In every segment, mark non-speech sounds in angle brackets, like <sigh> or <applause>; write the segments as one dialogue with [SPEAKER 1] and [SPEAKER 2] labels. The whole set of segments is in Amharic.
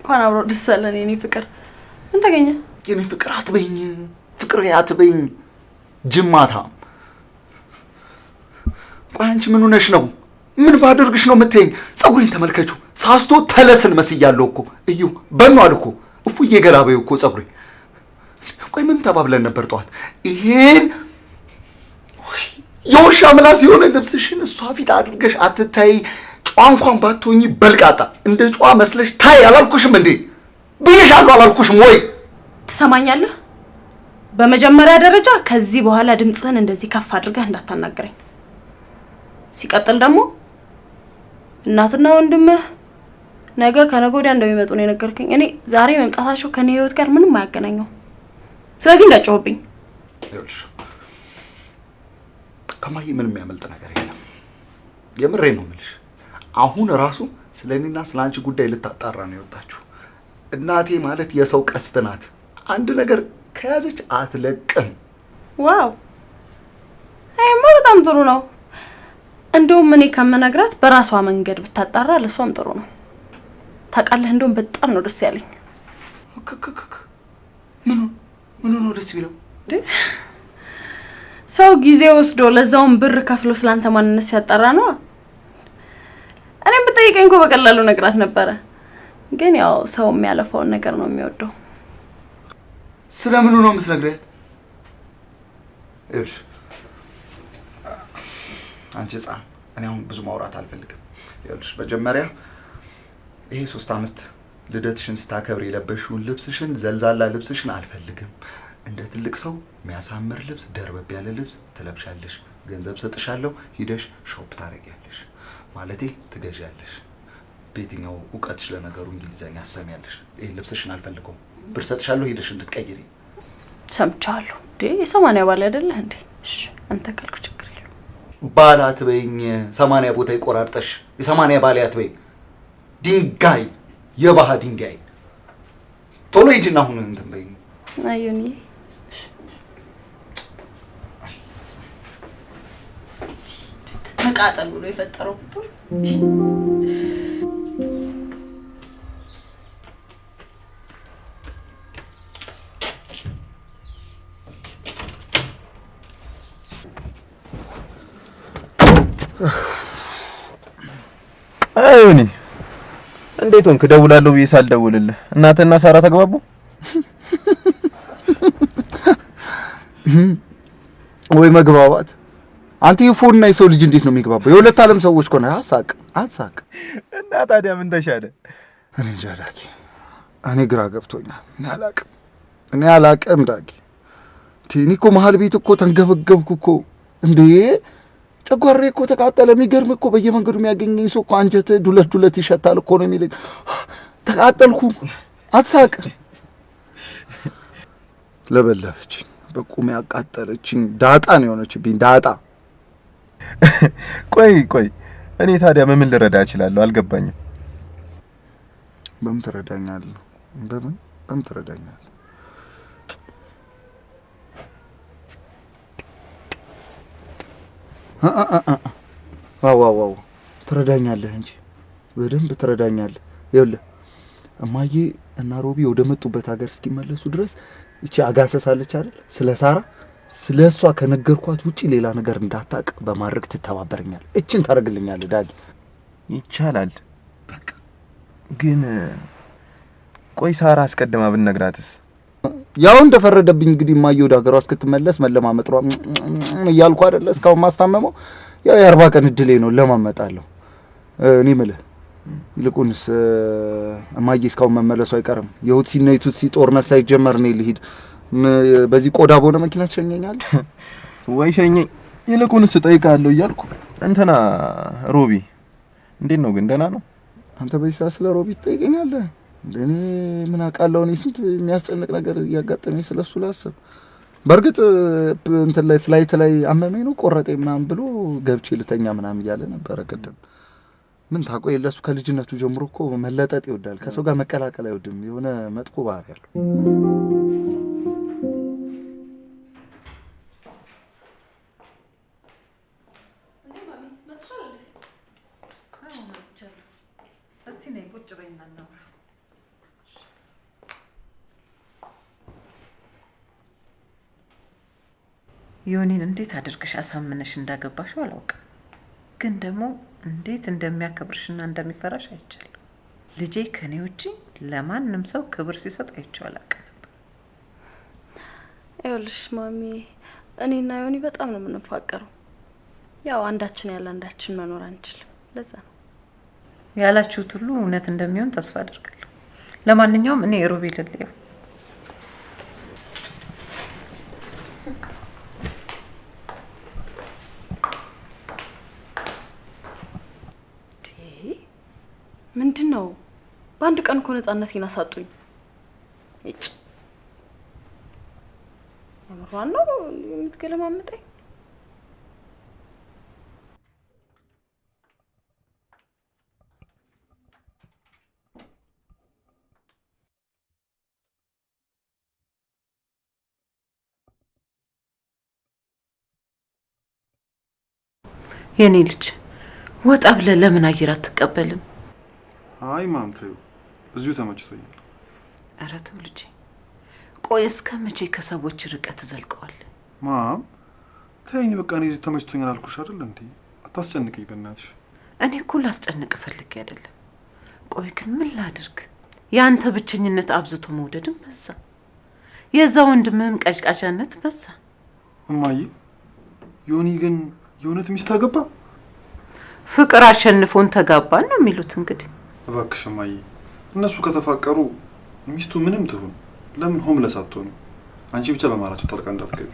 [SPEAKER 1] እንኳን አብሮ ደስ አለን የኔ ፍቅር። ምን ተገኘ?
[SPEAKER 2] የኔ ፍቅር አትበኝ፣ ፍቅር አትበኝ። ጅማታ ቆይ አንቺ ምን ሆነሽ ነው? ምን ባደርግሽ ነው የምትይኝ? ፀጉሬን ተመልከቹ፣ ሳስቶ ተለስን መስያለሁ እኮ እዩ በኗል እኮ እፉ እየገላበዩ እኮ ፀጉሬ። ቆይ ምን ተባብለን ነበር ጠዋት? ይሄን የውሻ ምላስ የሆነ ልብስሽን እሷ ፊት አድርገሽ አትታይ እንኳን ባትሆኚ በልቃጣ እንደ ጨዋ መስለሽ ታይ አላልኩሽም እንዴ? ብዬሻለሁ አላልኩሽም ወይ?
[SPEAKER 1] ትሰማኛለህ? በመጀመሪያ ደረጃ ከዚህ በኋላ ድምፅህን እንደዚህ ከፍ አድርገህ እንዳታናገረኝ። ሲቀጥል ደግሞ እናትና ወንድምህ ነገ ከነገ ወዲያ እንደሚመጡ ነው የነገርከኝ። እኔ ዛሬ መምጣታቸው ከኔ ህይወት ጋር ምንም አያገናኘው። ስለዚህ እንዳጨውብኝ
[SPEAKER 2] ከማይ ምንም ያመልጥ ነገር የለም። የምሬ ነው የምልሽ። አሁን ራሱ ስለ እኔና ስለ አንቺ ጉዳይ ልታጣራ ነው የወጣችሁ። እናቴ ማለት የሰው ቀስት ናት። አንድ ነገር ከያዘች አትለቅም።
[SPEAKER 1] ዋው ይህማ በጣም ጥሩ ነው። እንደውም እኔ ከምነግራት በራሷ መንገድ ብታጣራ ለሷም ጥሩ ነው። ታውቃለህ፣ እንደውም በጣም ነው ደስ ያለኝ።
[SPEAKER 2] ምኑ ምኑ ነው ደስ ቢለው?
[SPEAKER 1] ሰው ጊዜ ወስዶ ለዛውን ብር ከፍሎ ስላንተ ማንነት ሲያጣራ ነው ብትጠይቀኝ እኮ በቀላሉ ነግራት ነበረ። ግን ያው ሰው የሚያለፈውን ነገር ነው የሚወደው።
[SPEAKER 2] ስለምኑ ነው የምትነግሪያት? ይኸውልሽ አንቺ ህፃን፣ እኔ አሁን ብዙ ማውራት አልፈልግም። ይኸውልሽ መጀመሪያ ይሄ ሶስት አመት ልደትሽን ስታከብር የለበሽውን ልብስሽን ዘልዛላ ልብስሽን አልፈልግም። እንደ ትልቅ ሰው የሚያሳምር ልብስ፣ ደርበብ ያለ ልብስ ትለብሻለሽ። ገንዘብ ሰጥሻለሁ፣ ሂደሽ ሾፕ ታደርጊያለሽ። ማለቴ ትገዣለሽ። በየትኛው እውቀትሽ ለነገሩ እንግሊዘኛ አሰሚያለሽ። ይህን ልብስሽን አልፈልገውም፣ ብር ሰጥሻለሁ ሄደሽ እንድትቀይሪ።
[SPEAKER 1] ሰምቻለሁ። የሰማንያ ባል አይደለህ እንዴ? አንተ ካልኩ ችግር የለውም።
[SPEAKER 2] ባል አትበይኝ። ሰማንያ ቦታ ይቆራርጠሽ። የሰማንያ ባል አትበይኝ። ድንጋይ የባህ ድንጋይ ቶሎ ሂጂና አሁን እንትን በይኝ።
[SPEAKER 1] አዩን ልቃጠል ብሎ የፈጠረው ቁጥር
[SPEAKER 2] አይኒ እንዴት ሆንክ? ደውላለሁ ብዬ ሳልደውልልህ እናትና ሳራ ተግባቡ? ወይ መግባባት አንተ ይፎን እና የሰው ልጅ እንዴት ነው የሚግባባው? የሁለት ዓለም ሰዎች ከሆነ አሳቅ አሳቅ።
[SPEAKER 3] እና ታዲያ ምን ተሻለ?
[SPEAKER 2] እኔ እንጃ ዳጊ፣ እኔ ግራ ገብቶኛል። እኔ አላቅም እኔ አላቅም ዳጊ። እኔ እኮ መሀል ቤት እኮ ተንገበገብኩ እኮ እንዴ ጨጓሬ እኮ ተቃጠለ። የሚገርም እኮ በየመንገዱ የሚያገኘኝ ሰው እኮ አንጀት ዱለት ዱለት ይሸታል እኮ ነው የሚለኝ። ተቃጠልኩ። አትሳቅ። ለበለበችኝ፣ በቁም ያቃጠለችኝ ዳጣ ነው የሆነችብኝ ዳጣ
[SPEAKER 3] <laughs> ቆይ ቆይ፣ እኔ ታዲያ በምን ልረዳ እችላለሁ? አልገባኝም።
[SPEAKER 2] በምን ትረዳኛለህ? በምን በምን ትረዳኛለህ? ዋዋዋው ትረዳኛለህ እንጂ በደንብ ትረዳኛለህ። ይኸውልህ እማዬ እና ሮቢ ወደ መጡበት ሀገር እስኪመለሱ ድረስ እቺ አጋሰሳለች አይደል ስለ ሳራ ስለ እሷ ከነገርኳት ውጪ ሌላ ነገር እንዳታቅ በማድረግ ትተባበረኛል። እችን ታደርግልኛል። ዳጊ
[SPEAKER 3] ይቻላል። በቃ ግን ቆይ ሳራ አስቀድማ ብንነግራትስ?
[SPEAKER 2] ያው እንደፈረደብኝ እንግዲህ እማዬ ወደ ሀገሯ እስክትመለስ መለማመጥሯ እያልኩ አደለ እስካሁን ማስታመመው። ያው የአርባ ቀን እድሌ ነው ለማመጣለሁ። እኔ ምልህ ይልቁንስ እማዬ እስካሁን መመለሱ አይቀርም። የሁት ሲና ሲ ጦርነት ሳይጀመር እኔ ልሂድ። በዚህ ቆዳ በሆነ መኪና ትሸኘኛለህ
[SPEAKER 3] <laughs> ወይ? ሸኘኝ። ይልቁንስ እጠይቅሃለሁ እያልኩ እንትና ሮቢ እንዴት ነው ግን ደህና ነው?
[SPEAKER 2] አንተ በዚህ ሰዓት ስለ ሮቢ ትጠይቀኛለህ? እኔ ምን አውቃለሁ? እኔ ስንት የሚያስጨንቅ ነገር እያጋጠመኝ ስለሱ ላስብ። በእርግጥ እንትን ላይ ፍላይት ላይ አመመኝ ነው ቆረጠ ምናምን ብሎ ገብቼ ልተኛ ምናምን እያለ ነበረ ቅድም። ምን ታቆ የለሱ ከልጅነቱ ጀምሮ እኮ መለጠጥ ይወዳል። ከሰው ጋር መቀላቀል አይወድም። የሆነ መጥፎ ባህሪ ያለው
[SPEAKER 4] አስረዳሽ አሳምነሽ እንዳገባሽ አላውቅም፣ ግን ደግሞ እንዴት እንደሚያከብርሽና እንደሚፈራሽ አይቻልም። ልጄ ከኔ ውጪ ለማንም ሰው ክብር ሲሰጥ አይቼው አላውቅም ነበር።
[SPEAKER 1] ይኸውልሽ ማሚ፣ እኔና ዮኒ በጣም ነው የምንፋቀረው። ያው አንዳችን ያለ አንዳችን መኖር አንችልም። ለዛ ነው
[SPEAKER 4] ያላችሁት ሁሉ እውነት እንደሚሆን ተስፋ አድርጋለሁ። ለማንኛውም እኔ ሮቤልን ልየው
[SPEAKER 1] ምንድን ነው? በአንድ ቀን እኮ ነፃነቴን አሳጡኝ። እጭ ያምሯን ነው የምትገለማምጠኝ።
[SPEAKER 4] የኔ ልጅ ወጣ ብለህ ለምን አየር አትቀበልም?
[SPEAKER 5] አይ ማም ተይው፣ እዚሁ ተመችቶኛል።
[SPEAKER 4] ኧረ ተው ልጄ። ቆይ እስከ መቼ ከሰዎች ርቀት ዘልቀዋል?
[SPEAKER 5] ማም ተይኝ በቃ፣ እኔ እዚሁ ተመችቶኛል አልኩሽ አይደል እንዴ? አታስጨንቅኝ በእናትሽ።
[SPEAKER 4] እኔ እኮ ላስጨንቅ ፈልጌ አይደለም። ቆይ ግን ምን ላድርግ? የአንተ ብቸኝነት አብዝቶ መውደድም በዛ፣ የዛ ወንድምህም ቀዥቃዣነት በዛ።
[SPEAKER 5] እማዬ ዮኒ ግን የእውነት ሚስት አገባ?
[SPEAKER 4] ፍቅር አሸንፎን ተጋባ ነው የሚሉት እንግዲህ
[SPEAKER 5] እባክሽ እማዬ፣ እነሱ ከተፋቀሩ ሚስቱ ምንም ትሁን ለምን ሆምለስ አትሆንም? አንቺ ብቻ በማራቸው ጣልቃ እንዳትገቢ።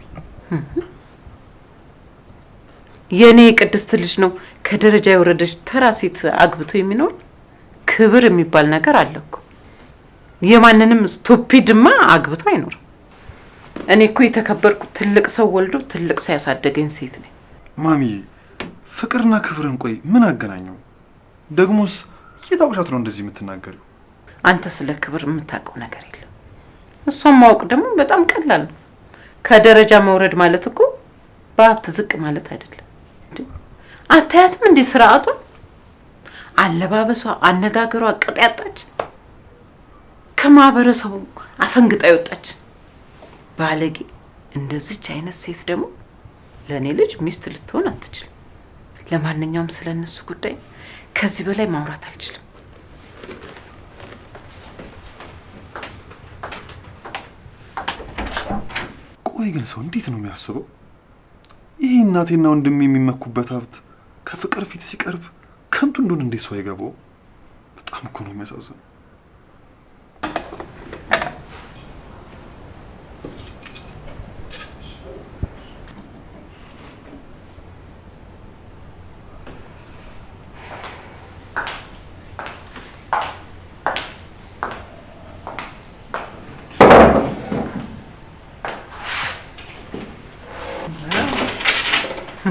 [SPEAKER 4] የእኔ ቅድስት ልጅ ነው ከደረጃ የወረደች ተራ ሴት አግብቶ የሚኖር ክብር የሚባል ነገር አለ እኮ። የማንንም ስቱፒድማ አግብቶ አይኖርም። እኔ እኮ የተከበርኩ ትልቅ ሰው ወልዶ ትልቅ ሰው ያሳደገኝ ሴት ነኝ።
[SPEAKER 5] ማሚዬ፣ ፍቅርና ክብርን ቆይ ምን አገናኘው? ደግሞስ የታውሻት ነው እንደዚህ የምትናገሪው?
[SPEAKER 4] አንተ ስለ ክብር የምታውቀው ነገር የለም። እሷን ማወቅ ደግሞ በጣም ቀላል ነው። ከደረጃ መውረድ ማለት እኮ በሀብት ዝቅ ማለት አይደለም። አታያትም እንዲህ ስርዓቱን፣ አለባበሷ፣ አነጋገሯ ቅጥ ያጣች ከማህበረሰቡ አፈንግጣ ይወጣች ባለጌ። እንደዚች አይነት ሴት ደግሞ ለእኔ ልጅ ሚስት ልትሆን አትችልም። ለማንኛውም ስለነሱ ጉዳይ ከዚህ በላይ ማውራት አልችልም።
[SPEAKER 5] ቆይ ግን ሰው እንዴት ነው የሚያስበው? ይህ እናቴና ወንድሜ የሚመኩበት ሀብት ከፍቅር ፊት ሲቀርብ ከንቱ እንደሆነ እንዴት ሰው አይገባው? በጣም እኮ ነው የሚያሳዝነው።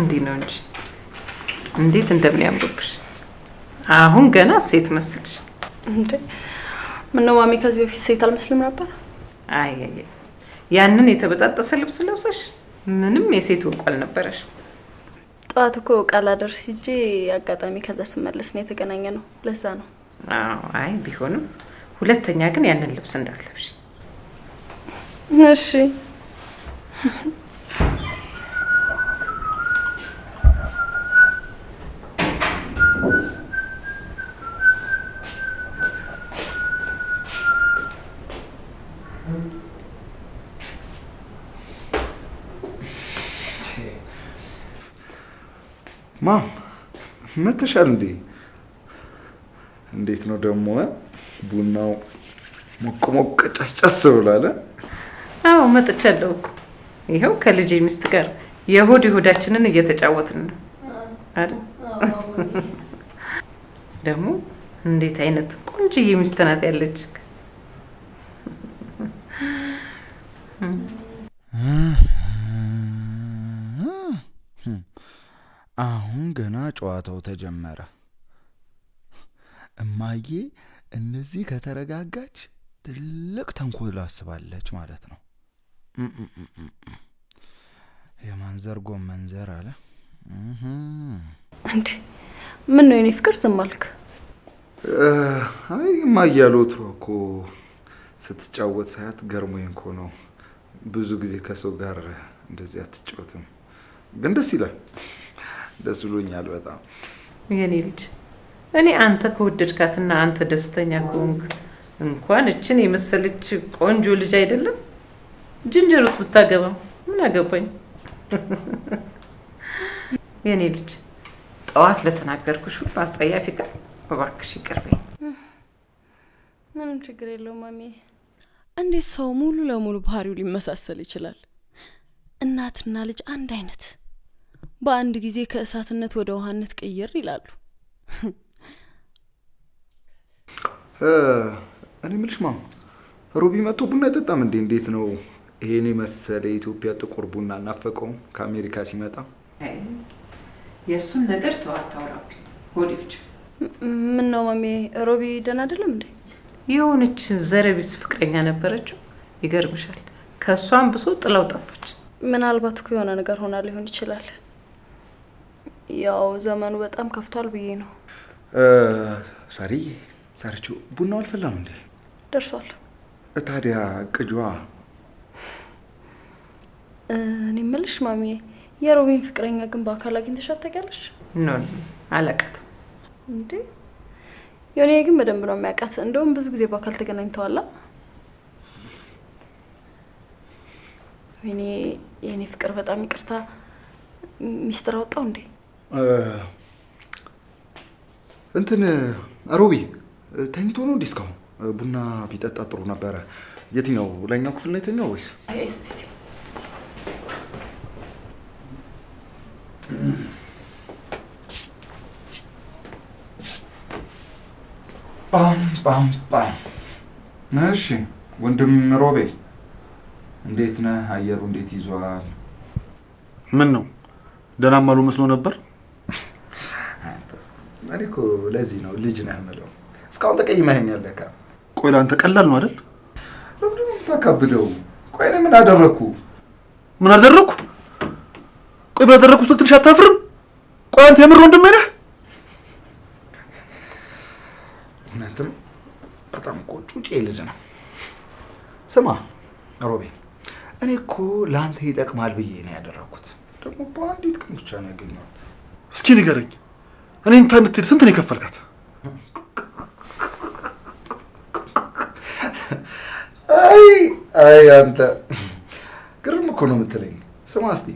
[SPEAKER 4] እንዲህ ነው እንጂ እንዴት እንደሚያምሩብሽ። አሁን ገና ሴት መስልሽ።
[SPEAKER 1] እንዴ ምነው ማሚ፣ ከዚህ በፊት ሴት አልመስልም ነበር?
[SPEAKER 4] አይ ያንን የተበጣጠሰ ልብስ ለብሰሽ ምንም የሴት ወርቅ አልነበረሽ።
[SPEAKER 1] ጠዋት እኮ ቃል አደርስ ሂጄ አጋጣሚ ከዛ ስመለስ ነው የተገናኘ ነው። ለዛ ነው።
[SPEAKER 4] አይ ቢሆንም ሁለተኛ ግን ያንን ልብስ እንዳትለብሽ
[SPEAKER 1] እሺ?
[SPEAKER 5] ማም መተሻል እንዴ? እንዴት ነው ደግሞ ቡናው? ሞቅ ሞቅ ጨስጨስ ብሏል።
[SPEAKER 4] አዎ መጥቻለሁ እኮ ይኸው ከልጄ ሚስት ጋር የሆድ የሆዳችንን እየተጫወትን ነው አይደል? ደግሞ እንዴት አይነት ቆንጅዬ ሚስት ናት ያለች
[SPEAKER 2] ገና ጨዋታው ተጀመረ። እማዬ እንደዚህ ከተረጋጋች ትልቅ ተንኮል አስባለች ማለት ነው። የማንዘር መንዘር አለ።
[SPEAKER 1] እንዴ ምን ነው የኔ ፍቅር ዝም አልክ?
[SPEAKER 2] አይ እማዬ ያልወትሮ እኮ ስትጫወት ሳያት ገርሞኝ እኮ ነው። ብዙ ጊዜ ከሰው ጋር እንደዚህ አትጫወትም፣ ግን ደስ ይላል። ደስ ብሎኛል በጣም
[SPEAKER 4] የኔ ልጅ። እኔ አንተ ከወደድካትና አንተ ደስተኛ ከሆንክ እንኳን እችን የመሰለች ቆንጆ ልጅ አይደለም ጅንጀሮስ ብታገባም ምን አገባኝ? <laughs> የኔ ልጅ ጠዋት ለተናገርኩሽ ሁሉ አስጸያፊ ቃል እባክሽ ይቅርብኝ።
[SPEAKER 1] ምንም ችግር የለውም ማሚ። እንዴት ሰው ሙሉ ለሙሉ ባህሪው ሊመሳሰል ይችላል? እናትና ልጅ አንድ አይነት በአንድ ጊዜ ከእሳትነት ወደ ውሃነት ቅይር ይላሉ።
[SPEAKER 2] እኔ ምልሽ ማም ሮቢ መጥቶ ቡና አይጠጣም እንዴ? እንዴት ነው ይሄን የመሰለ የኢትዮጵያ ጥቁር ቡና እናፈቀውም? ከአሜሪካ ሲመጣ
[SPEAKER 4] የእሱን ነገር ተዋታውራቢ
[SPEAKER 1] ምን ነው ማሜ፣ ሮቢ ደህና አይደለም እንዴ?
[SPEAKER 4] የሆነች ዘረቢስ ፍቅረኛ ነበረችው። ይገርምሻል፣ ከእሷን ብሶ ጥላው ጠፋች።
[SPEAKER 1] ምናልባት እኮ የሆነ ነገር ሆና ሊሆን ይችላል። ያው ዘመኑ በጣም ከፍቷል ብዬ ነው።
[SPEAKER 2] ሳሪ ሳርቹ ቡናው አልፈላም እንዴ? ደርሷል። ታዲያ ቅጇ
[SPEAKER 1] እኔ እምልሽ ማሚ፣ የሮቢን ፍቅረኛ ግን በአካል አግኝተሻት ታውቂያለሽ?
[SPEAKER 4] ኖ አላውቃትም።
[SPEAKER 1] እንዴ የኔ ግን በደንብ ነው የሚያውቃት። እንደውም ብዙ ጊዜ በአካል ተገናኝተዋላ። ወይኔ የኔ ፍቅር በጣም ይቅርታ ሚስጥር አወጣው እንዴ
[SPEAKER 2] እንትን ሮቢ ተኝቶ ነው እንዴ? እስካሁን ቡና ቢጠጣ ጥሩ ነበረ። የትኛው ላይኛው ክፍል ነው የተኛው ወይስ? እሺ ወንድም ሮቤ እንዴት ነህ? አየሩ እንዴት ይዟል?
[SPEAKER 6] ምን ነው ደህናም አሉ መስሎ ነበር
[SPEAKER 2] እኔ እኮ ለዚህ ነው ልጅ ነህ የምለው። እስካሁን ተቀይመኸኛል ለካ።
[SPEAKER 6] ቆይ ለአንተ ቀላል ነው አይደል?
[SPEAKER 2] ለምንድን ነው የምታካብደው? ቆይ እኔ ምን አደረግኩ?
[SPEAKER 6] ምን አደረግኩ? ቆይ ባደረግኩ ስትል ትንሽ አታፍርም? ቆይ አንተ የምር ወንድምህ ነህ?
[SPEAKER 2] እውነትም በጣም እኮ ጩጬ ልጅ ነው። ስማ ሮቤል፣ እኔ እኮ ለአንተ ይጠቅማል ብዬ ነው ያደረኩት።
[SPEAKER 5] ደግሞ በአንዲት ቀን ብቻ ነው ያገኘሁት።
[SPEAKER 6] እስኪ ንገረኝ እኔ እንትን እንድትሄድ ስንት ነው የከፈልካት?
[SPEAKER 2] አይ አይ አንተ ግርም እኮ ነው የምትለኝ። ስማ እስኪ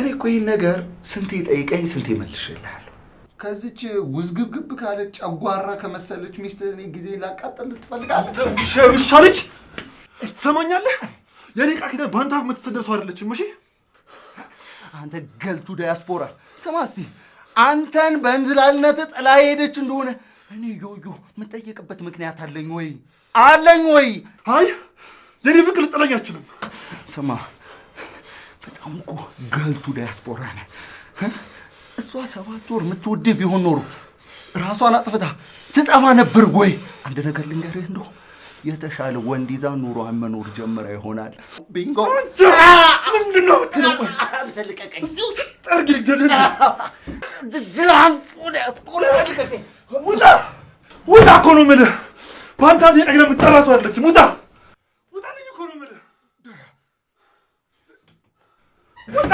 [SPEAKER 2] እኔ እኮ ይህን ነገር ስንቴ ጠይቀኝ ስንቴ መልሼልሃለሁ። ከዚች ውዝግብግብ ካለች አጓራ ከመሰለች ሚስት እኔ ጊዜ ላቃጥል
[SPEAKER 6] ትፈልጋለህ? ውሻ ልጅ ትሰማኛለህ? የኔ ዕቃ ኪዳን በአንተ አፍ የምትደርሰው አይደለችም። እሺ
[SPEAKER 2] አንተ ገልቱ ዳያስፖራ ስማ እስኪ አንተን በእንዝላልነት ጥላ ሄደች እንደሆነ እኔ ዮዮ የምጠየቅበት ምክንያት አለኝ ወይ አለኝ ወይ?
[SPEAKER 6] አይ የኔ ፍቅር ልጠላኝ አችልም።
[SPEAKER 2] ስማ በጣም እኮ ገልቱ ዳያስፖራ ነህ። እሷ ሰባት ወር የምትወድህ ቢሆን ኖሮ ራሷን አጥፍታ ትጠፋ ነበር ወይ? አንድ ነገር ልንገርህ እንደው የተሻለ ወንድ ይዛ ኑሯን መኖር ጀምራ ይሆናል። ቢንጎ
[SPEAKER 6] ምንድን ምትለው? አንተ ልቀቀኝ ውጣ እኮ ነው የምልህ። በአንተ ቀኝ የምትጠራ ሰው አለችም። ውጣ ውጣ እኮ ነው የምልህ። ውጣ